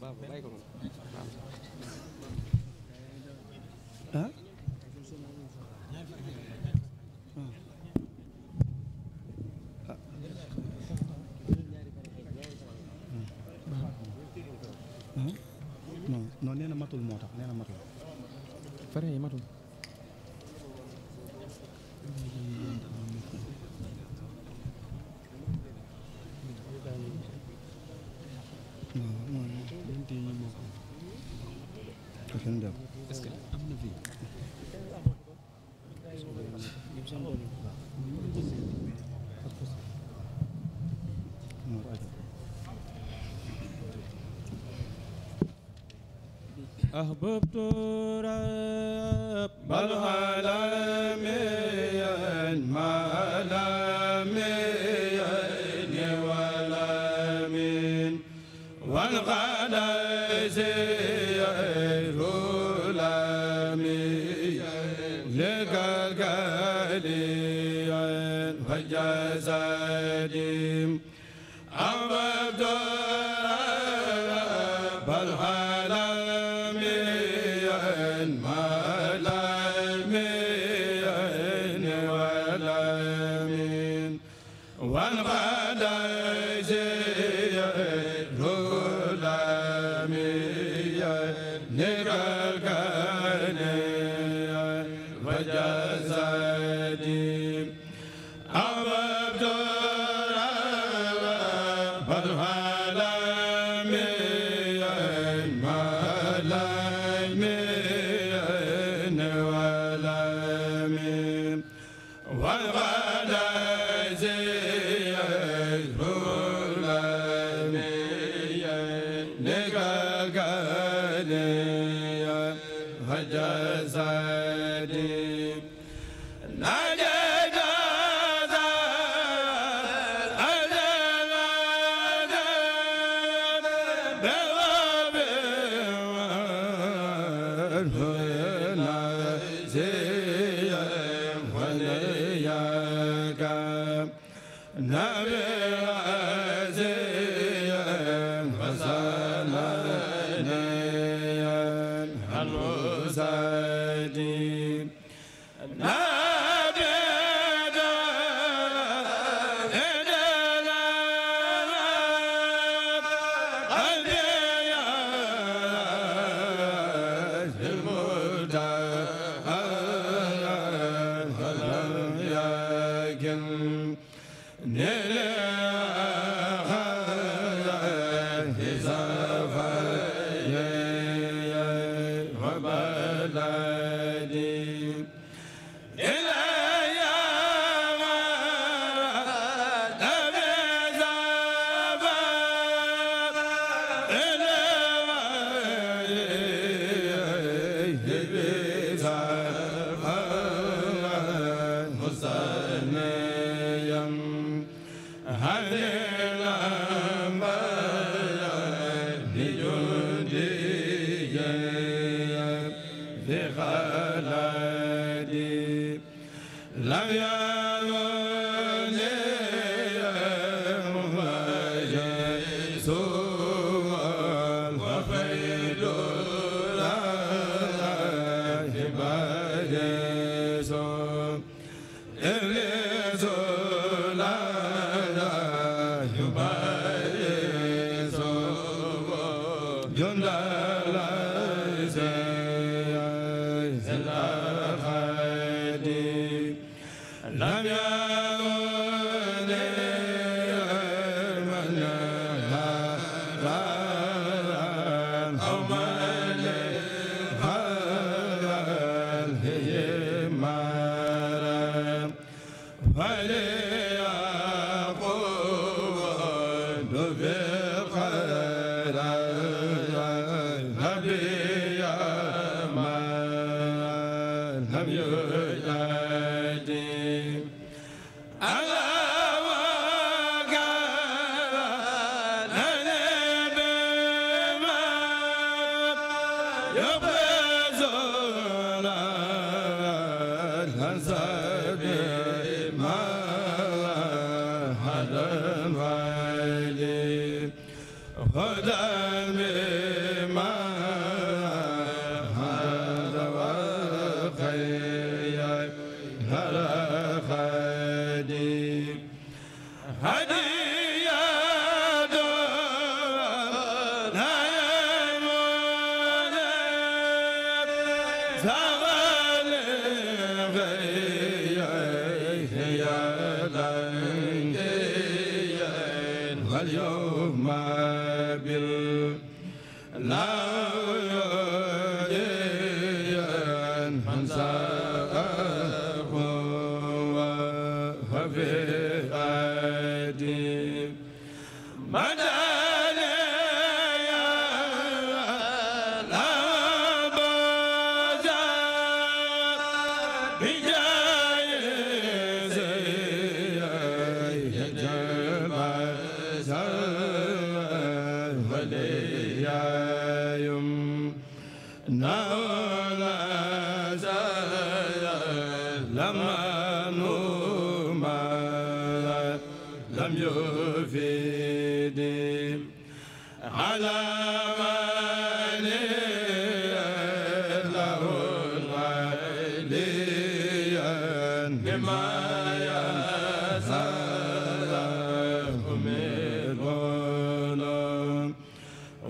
bàyyi ko noonu أحببت رب العالمين hajazani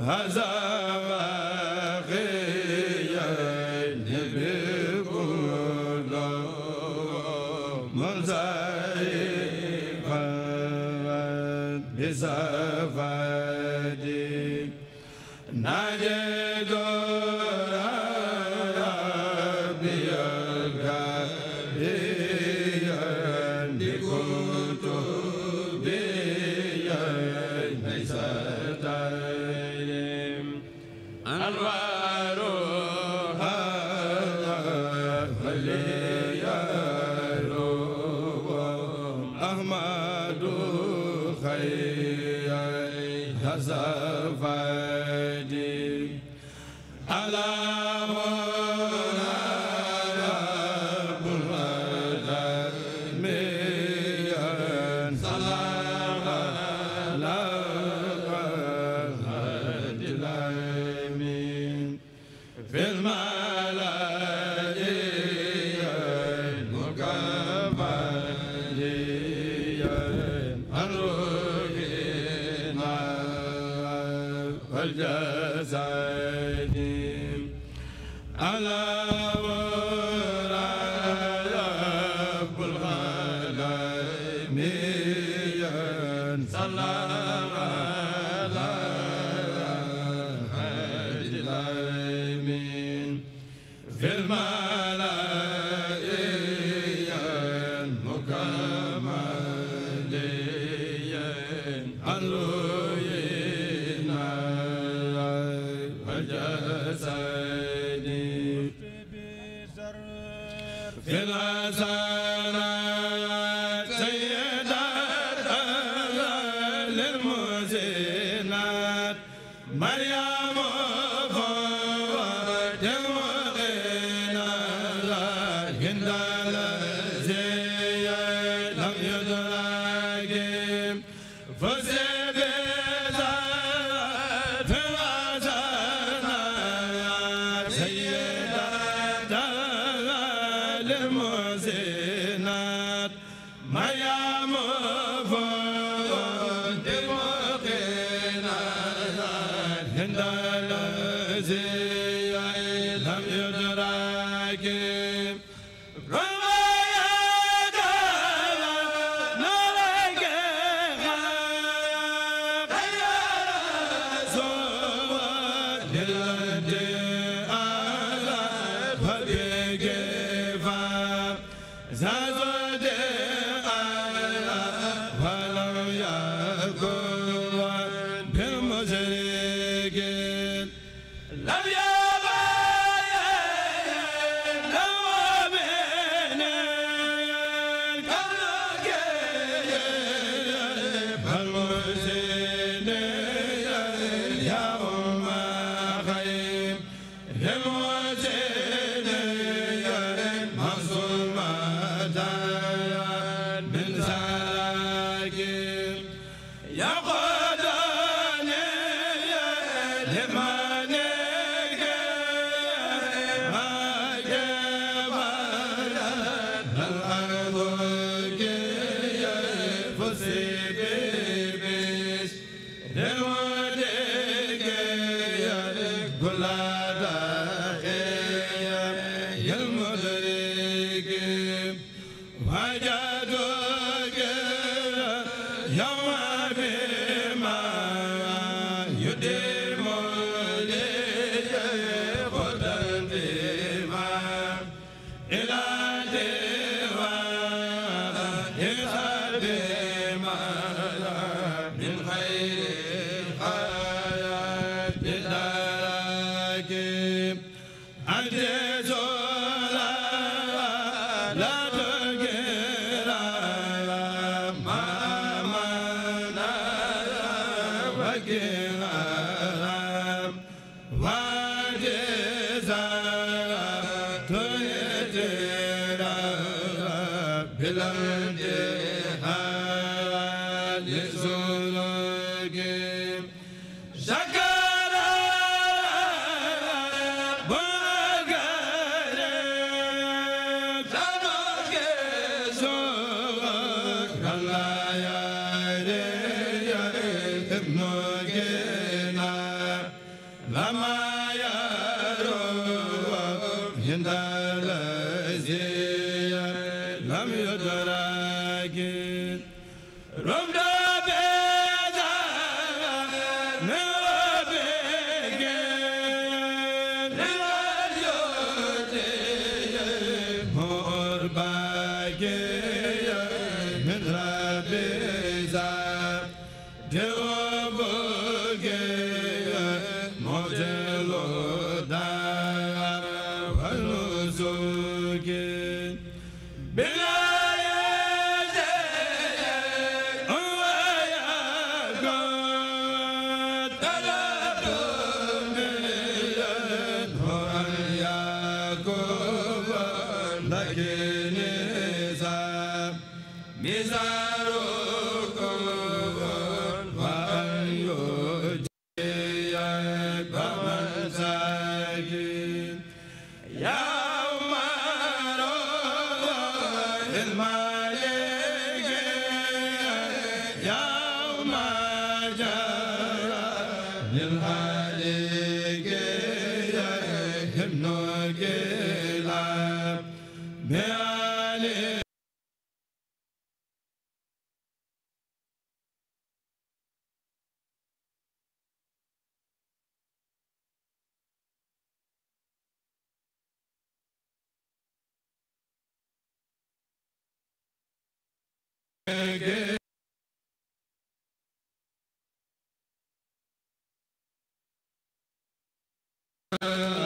haza la ade again uh...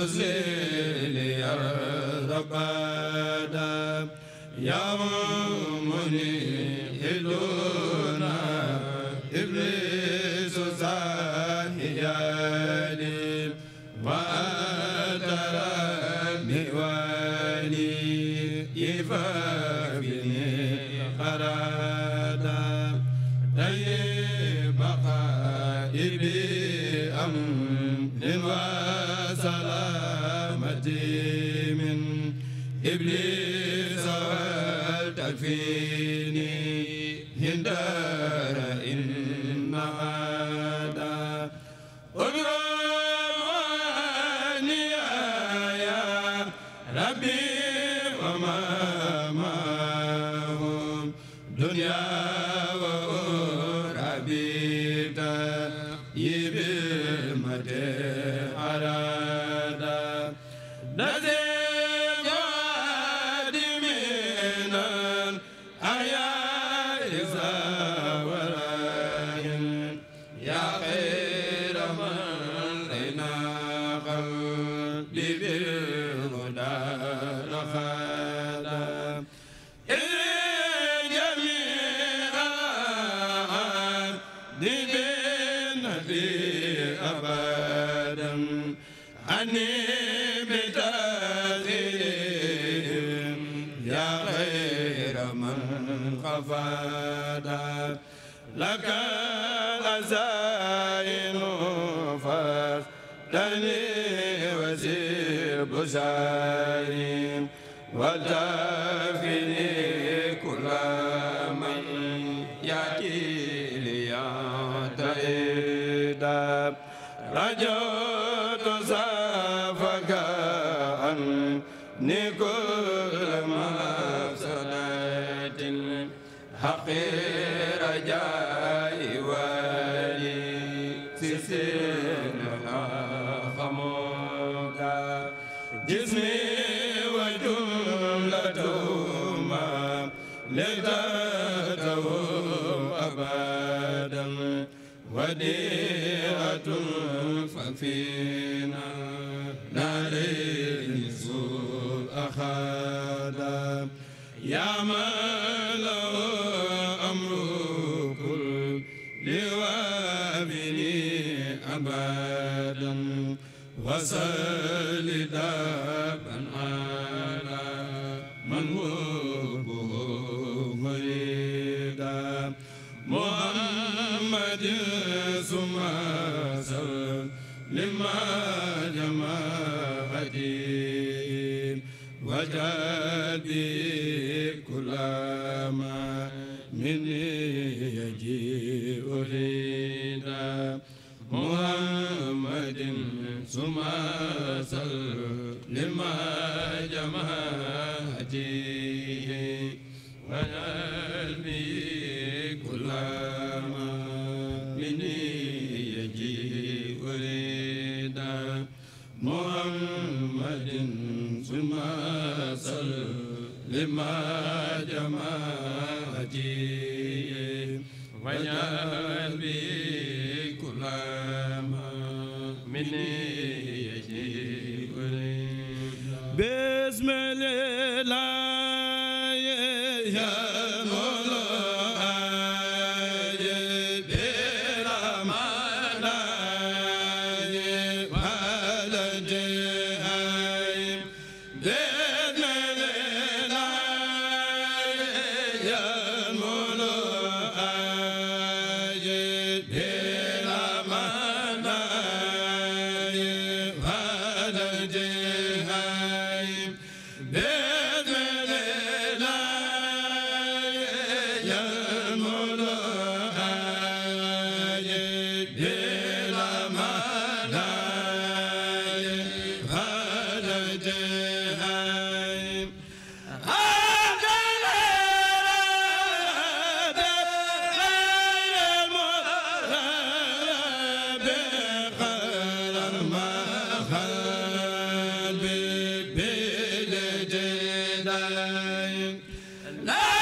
تسليني ربنا يا منيب دون إبليس ساحياني وأنت ربي ولي يفافني أرادا طيب قائبي أمن وسلامتي من إبليس والتكفيني هندا أبدا وسلدا suma sal lima jamaati wajal bi kulama mini yaji urida muhammadin suma sal lima jamaati la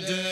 da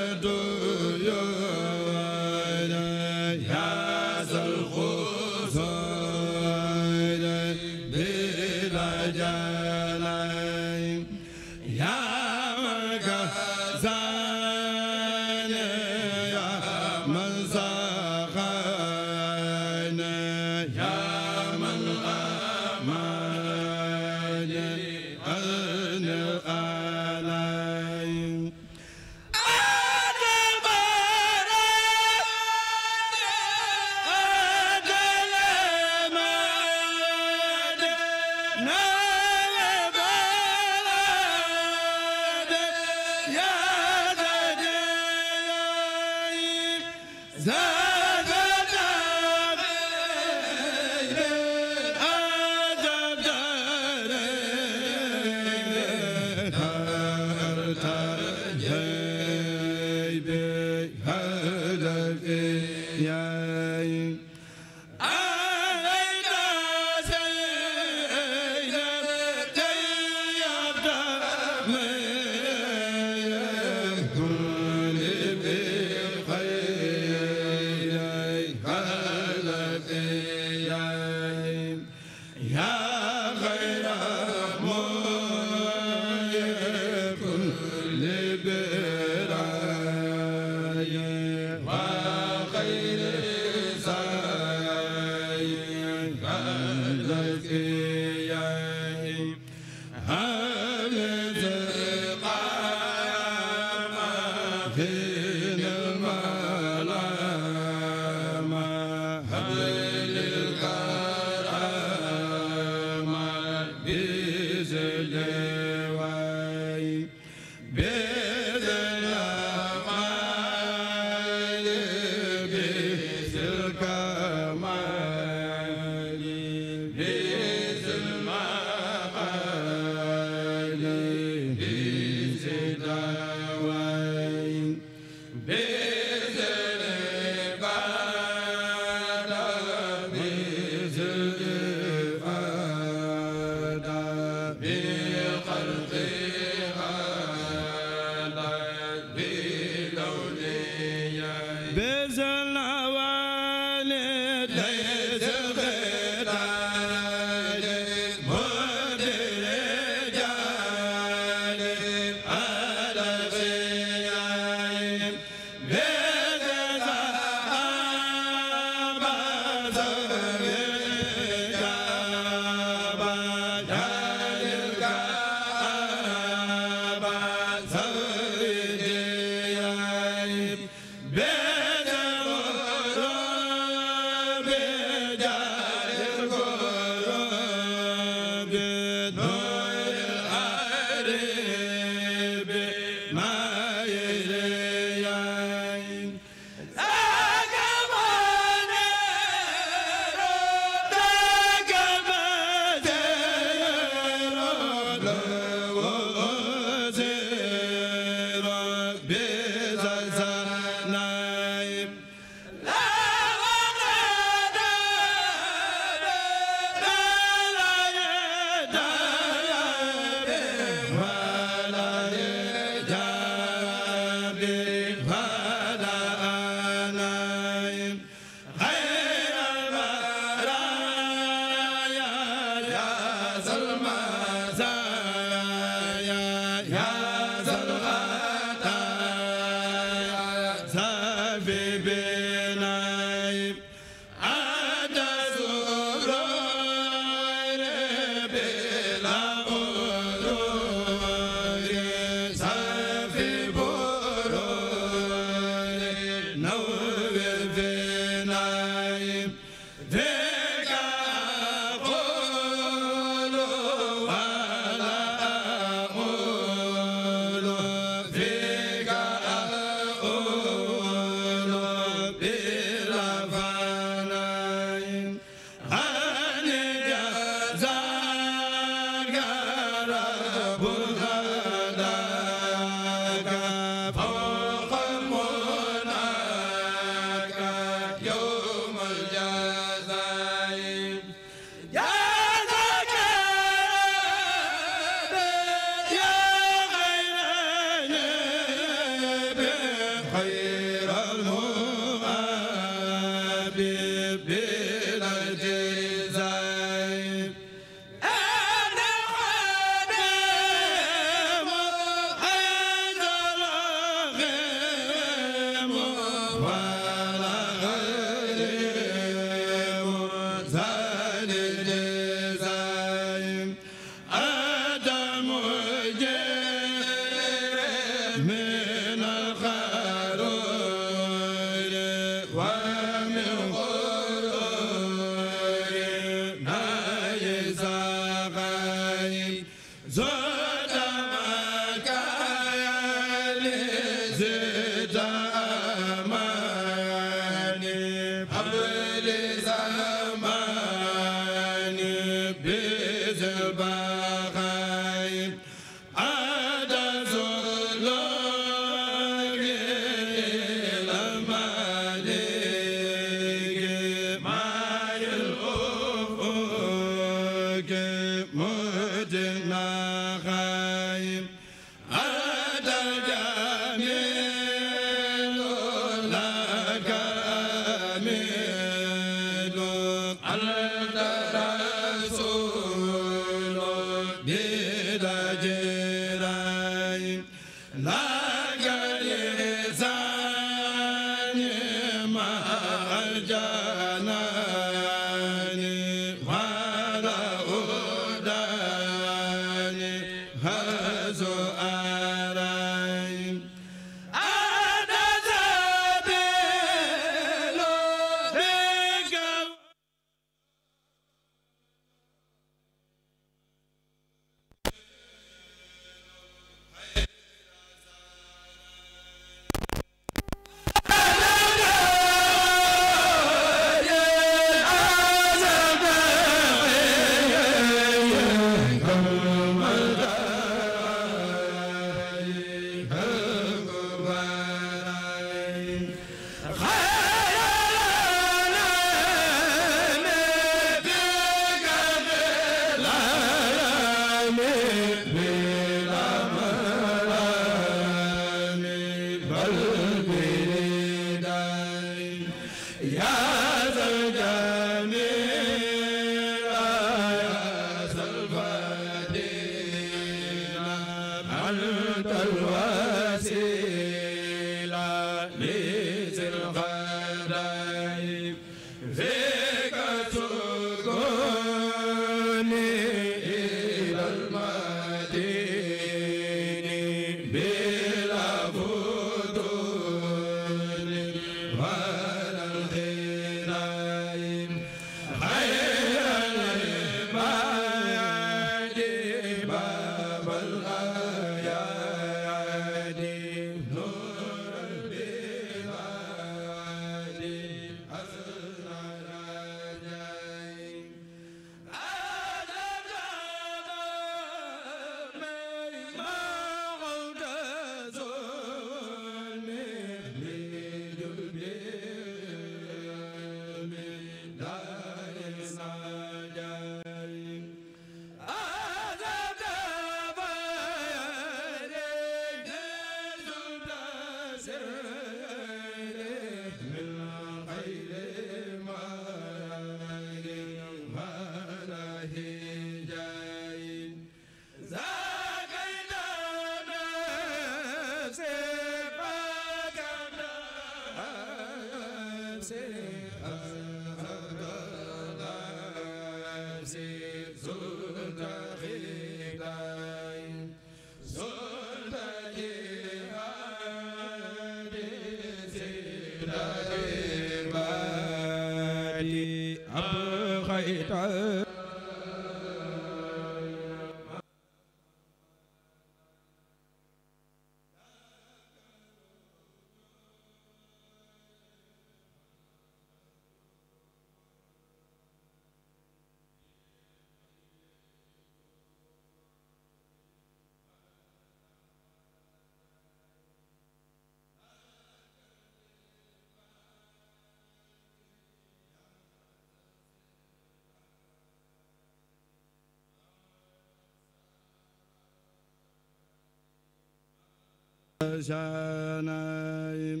janaim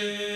Amen.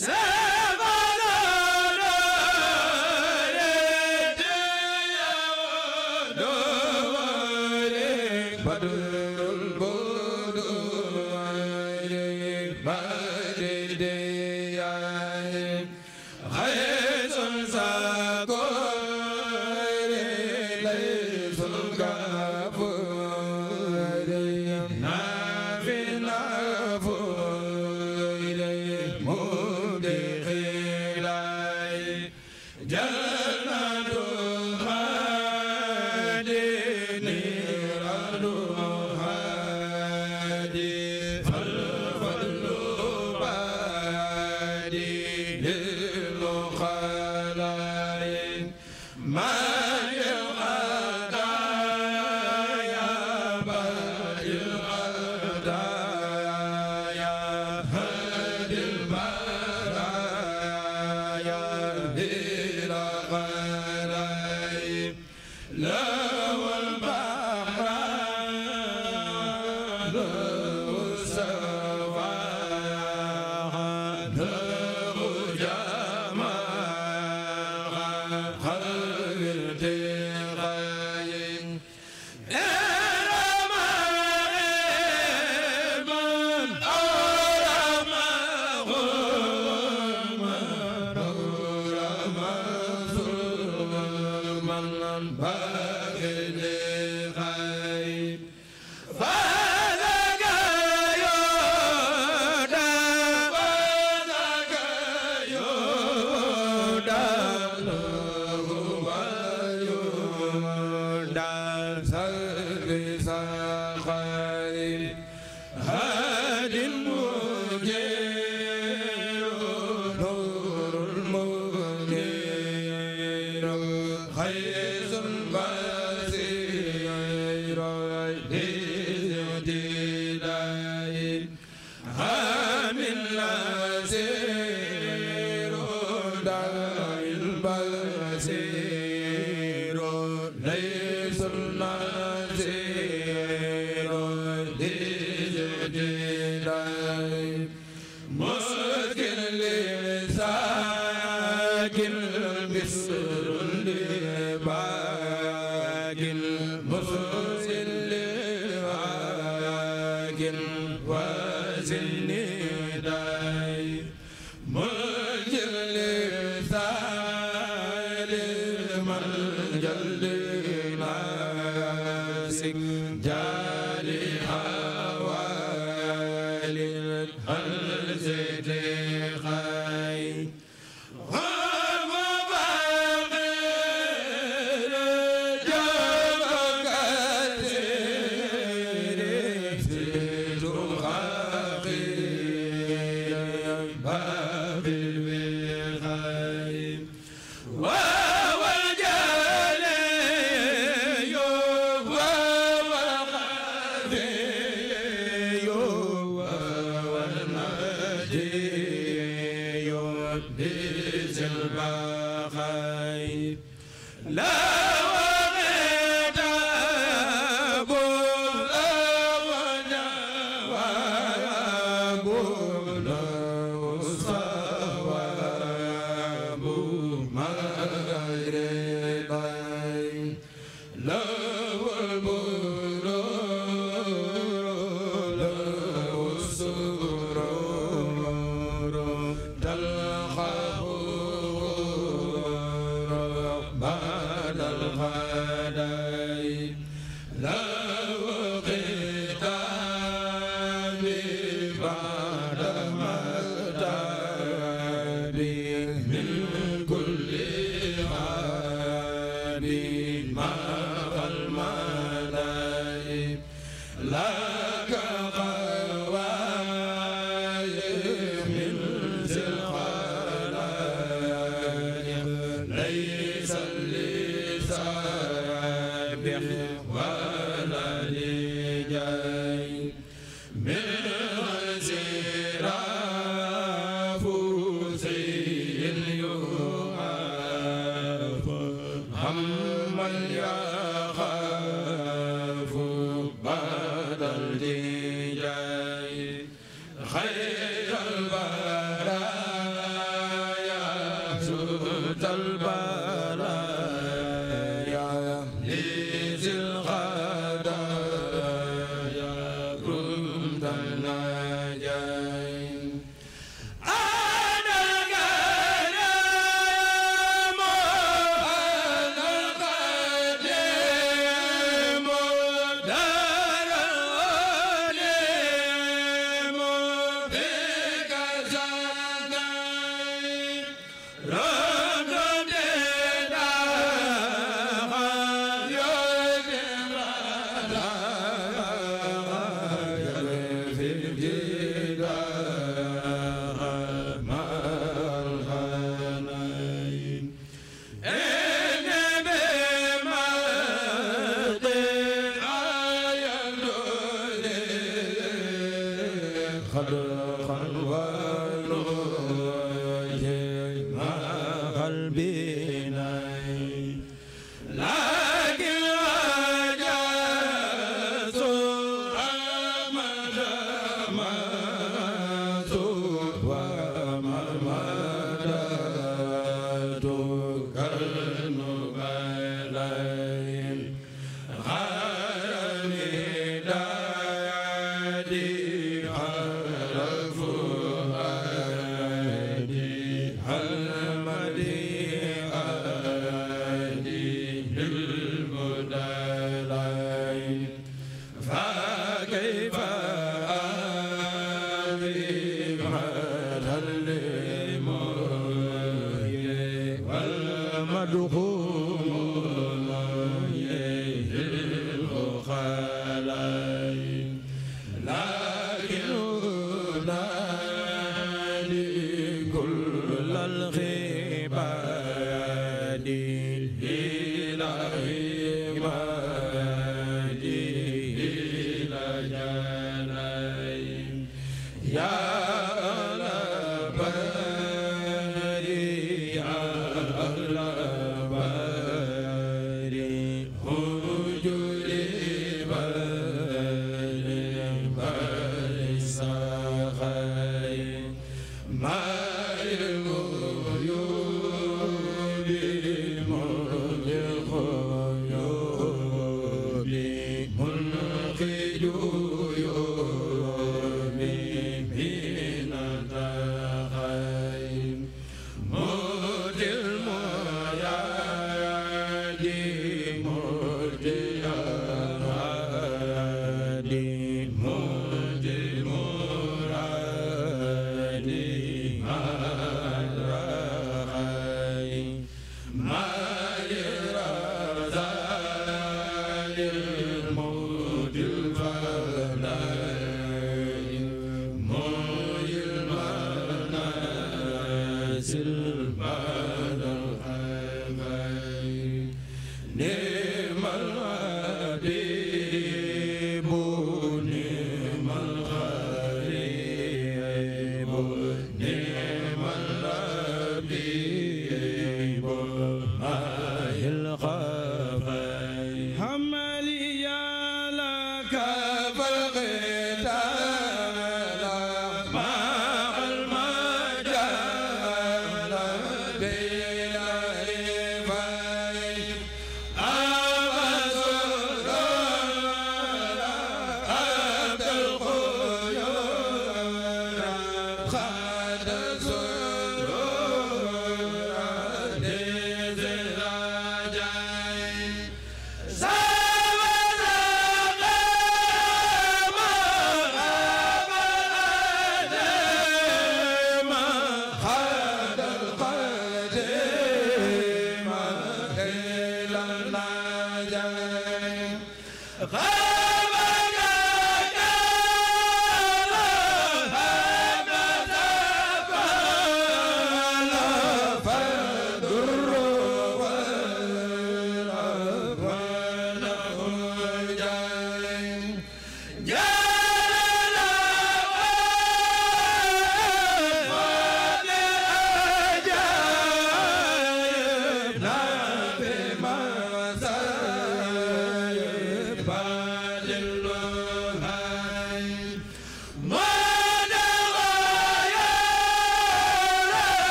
Yes. a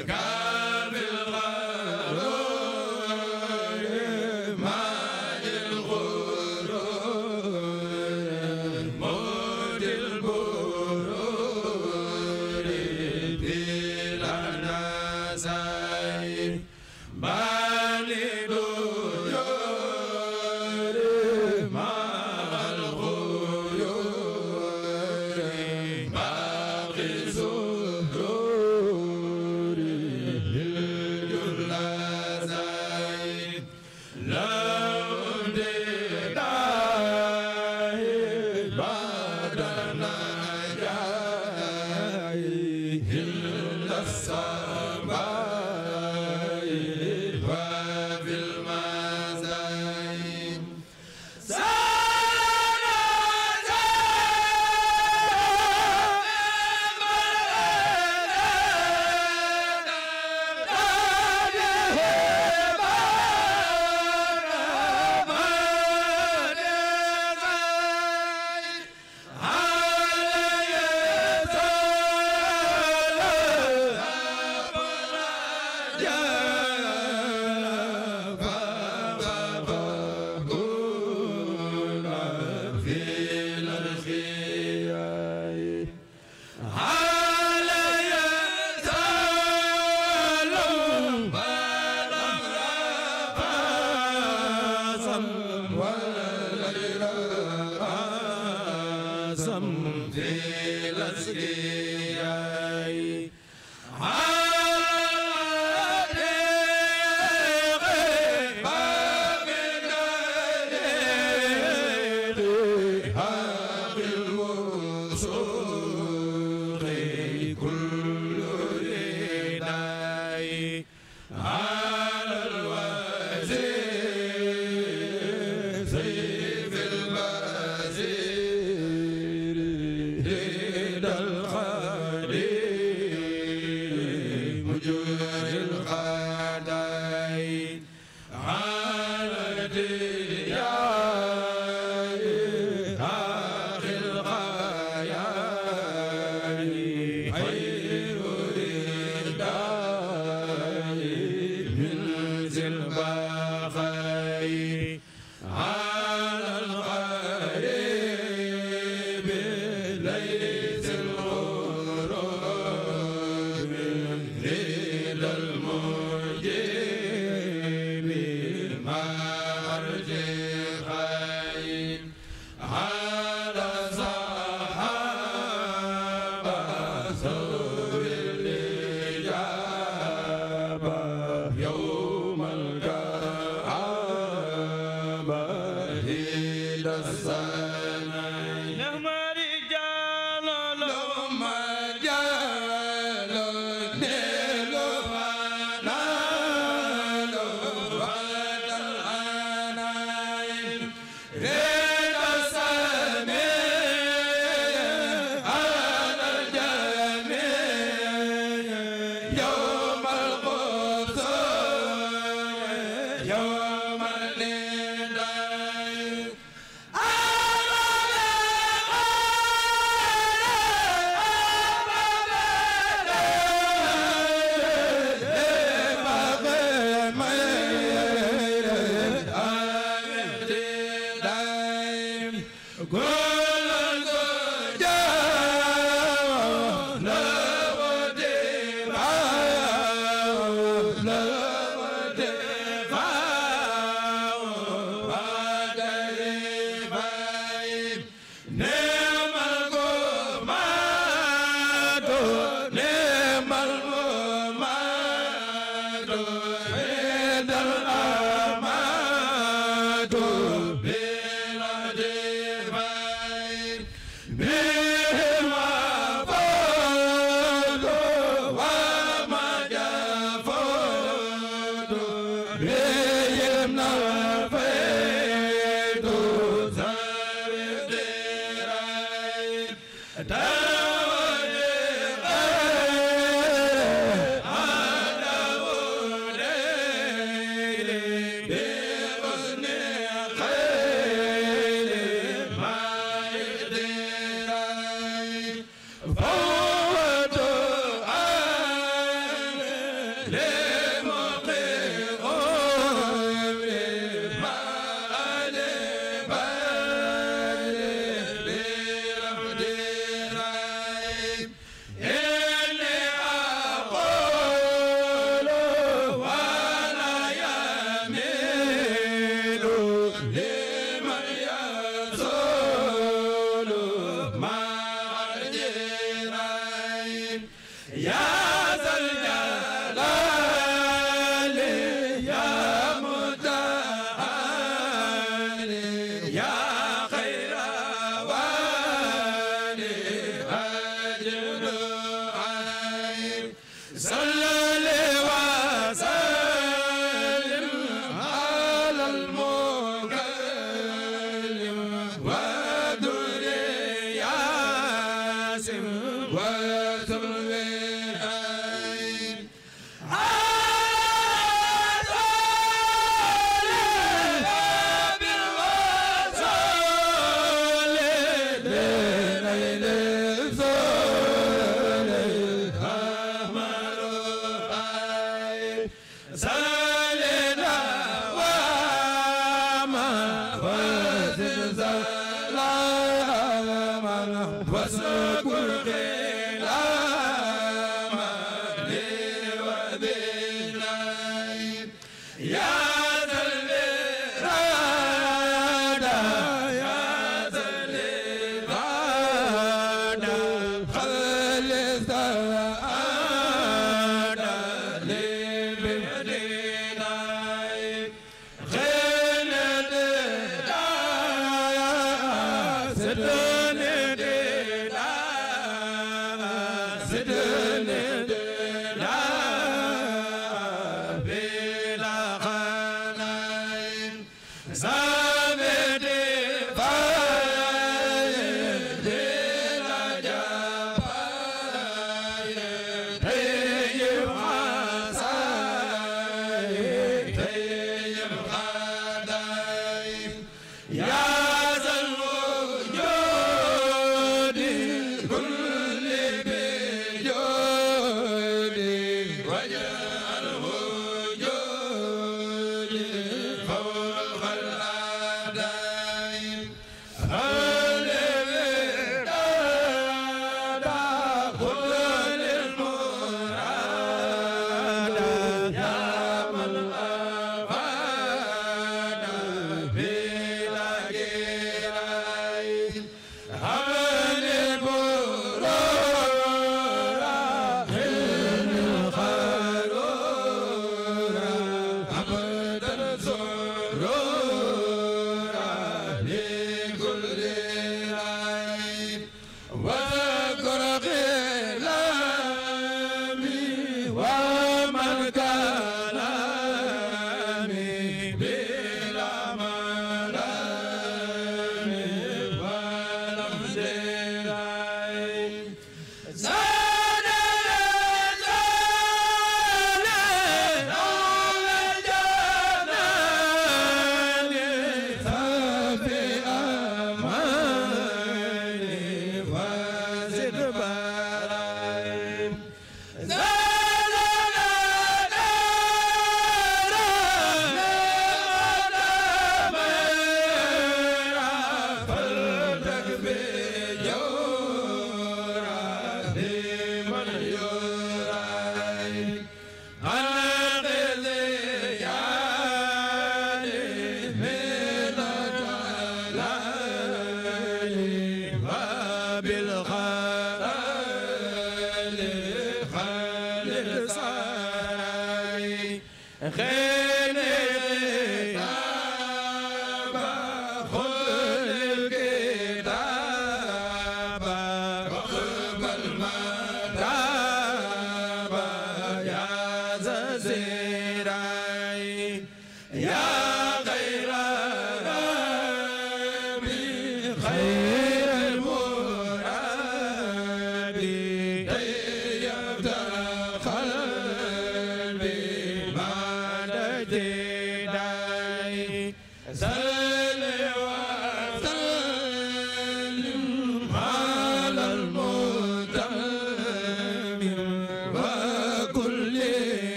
ga dal